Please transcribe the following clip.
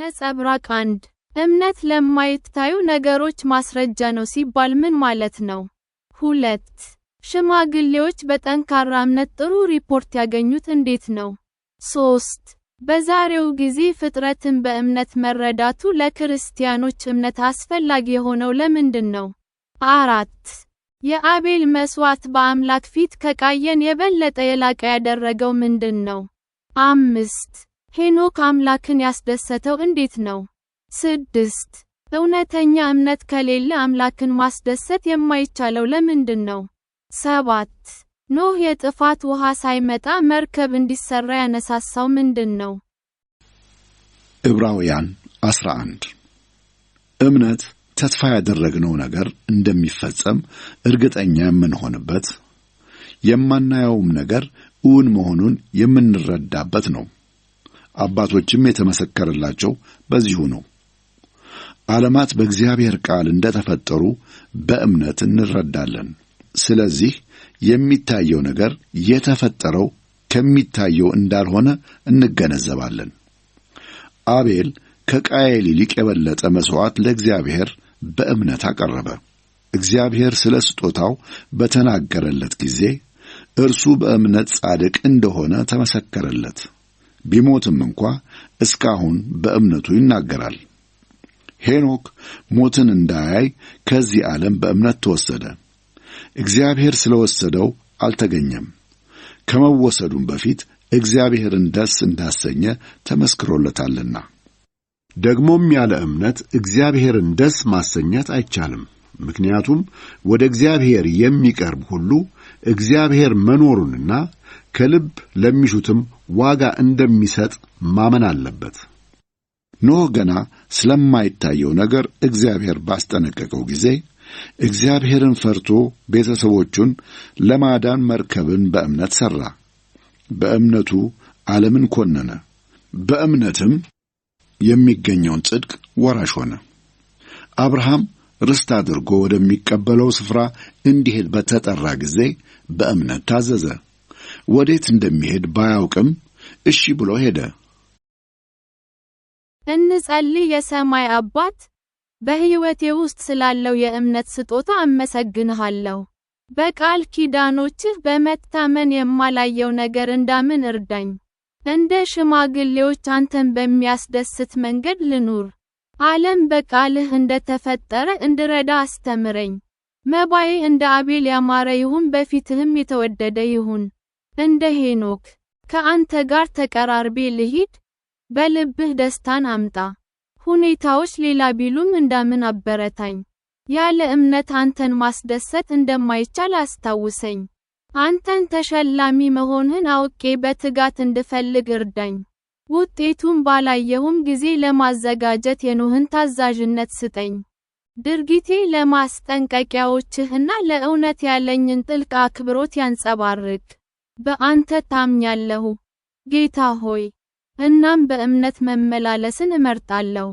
ነጸብራቅ አንድ እምነት ለማይታዩ ነገሮች ማስረጃ ነው ሲባል ምን ማለት ነው? ሁለት ሽማግሌዎች በጠንካራ እምነት ጥሩ ሪፖርት ያገኙት እንዴት ነው? ሶስት በዛሬው ጊዜ ፍጥረትን በእምነት መረዳቱ ለክርስቲያኖች እምነት አስፈላጊ የሆነው ለምንድን ነው? አራት የአቤል መስዋዕት በአምላክ ፊት ከቃየን የበለጠ የላቀ ያደረገው ምንድን ነው? አምስት ሄኖክ አምላክን ያስደሰተው እንዴት ነው? ስድስት እውነተኛ እምነት ከሌለ አምላክን ማስደሰት የማይቻለው ለምንድን ነው? ሰባት ኖህ የጥፋት ውሃ ሳይመጣ መርከብ እንዲሰራ ያነሳሳው ምንድን ነው? ዕብራውያን 11 እምነት ተስፋ ያደረግነው ነገር እንደሚፈጸም እርግጠኛ የምንሆንበት የማናየውም ነገር እውን መሆኑን የምንረዳበት ነው። አባቶችም የተመሰከረላቸው በዚሁ ነው። ዓለማት በእግዚአብሔር ቃል እንደ ተፈጠሩ በእምነት እንረዳለን። ስለዚህ የሚታየው ነገር የተፈጠረው ከሚታየው እንዳልሆነ እንገነዘባለን። አቤል ከቃየል ይልቅ የበለጠ መሥዋዕት ለእግዚአብሔር በእምነት አቀረበ። እግዚአብሔር ስለ ስጦታው በተናገረለት ጊዜ እርሱ በእምነት ጻድቅ እንደሆነ ተመሰከረለት። ቢሞትም እንኳ እስካሁን በእምነቱ ይናገራል። ሄኖክ ሞትን እንዳያይ ከዚህ ዓለም በእምነት ተወሰደ። እግዚአብሔር ስለ ወሰደው አልተገኘም። ከመወሰዱም በፊት እግዚአብሔርን ደስ እንዳሰኘ ተመስክሮለታልና። ደግሞም ያለ እምነት እግዚአብሔርን ደስ ማሰኘት አይቻልም። ምክንያቱም ወደ እግዚአብሔር የሚቀርብ ሁሉ እግዚአብሔር መኖሩንና ከልብ ለሚሹትም ዋጋ እንደሚሰጥ ማመን አለበት። ኖኅ ገና ስለማይታየው ነገር እግዚአብሔር ባስጠነቀቀው ጊዜ እግዚአብሔርን ፈርቶ ቤተሰቦቹን ለማዳን መርከብን በእምነት ሠራ። በእምነቱ ዓለምን ኮነነ፣ በእምነትም የሚገኘውን ጽድቅ ወራሽ ሆነ። አብርሃም ርስት አድርጎ ወደሚቀበለው ስፍራ እንዲሄድ በተጠራ ጊዜ በእምነት ታዘዘ። ወዴት እንደሚሄድ ባያውቅም እሺ ብሎ ሄደ። እንጸልይ። የሰማይ አባት፣ በሕይወቴ ውስጥ ስላለው የእምነት ስጦታ አመሰግንሃለሁ። በቃል ኪዳኖችህ በመታመን የማላየው ነገር እንዳምን እርዳኝ። እንደ ሽማግሌዎች አንተን በሚያስደስት መንገድ ልኑር። ዓለም በቃልህ እንደተፈጠረ እንድረዳ አስተምረኝ። መባዬ እንደ አቤል ያማረ ይሁን፣ በፊትህም የተወደደ ይሁን። እንደ ሄኖክ ከአንተ ጋር ተቀራርቤ ልሂድ፣ በልብህ ደስታን አምጣ። ሁኔታዎች ሌላ ቢሉም እንዳምን አበረታኝ። ያለ እምነት አንተን ማስደሰት እንደማይቻል አስታውሰኝ። አንተን ተሸላሚ መሆንህን አውቄ በትጋት እንድፈልግ እርዳኝ። ውጤቱን ባላየሁም ጊዜ ለማዘጋጀት የኖህን ታዛዥነት ስጠኝ። ድርጊቴ ለማስጠንቀቂያዎችህና ለእውነት ያለኝን ጥልቅ አክብሮት ያንጸባርቅ። በአንተ ታምኛለሁ ጌታ ሆይ፣ እናም በእምነት መመላለስን እመርጣለሁ።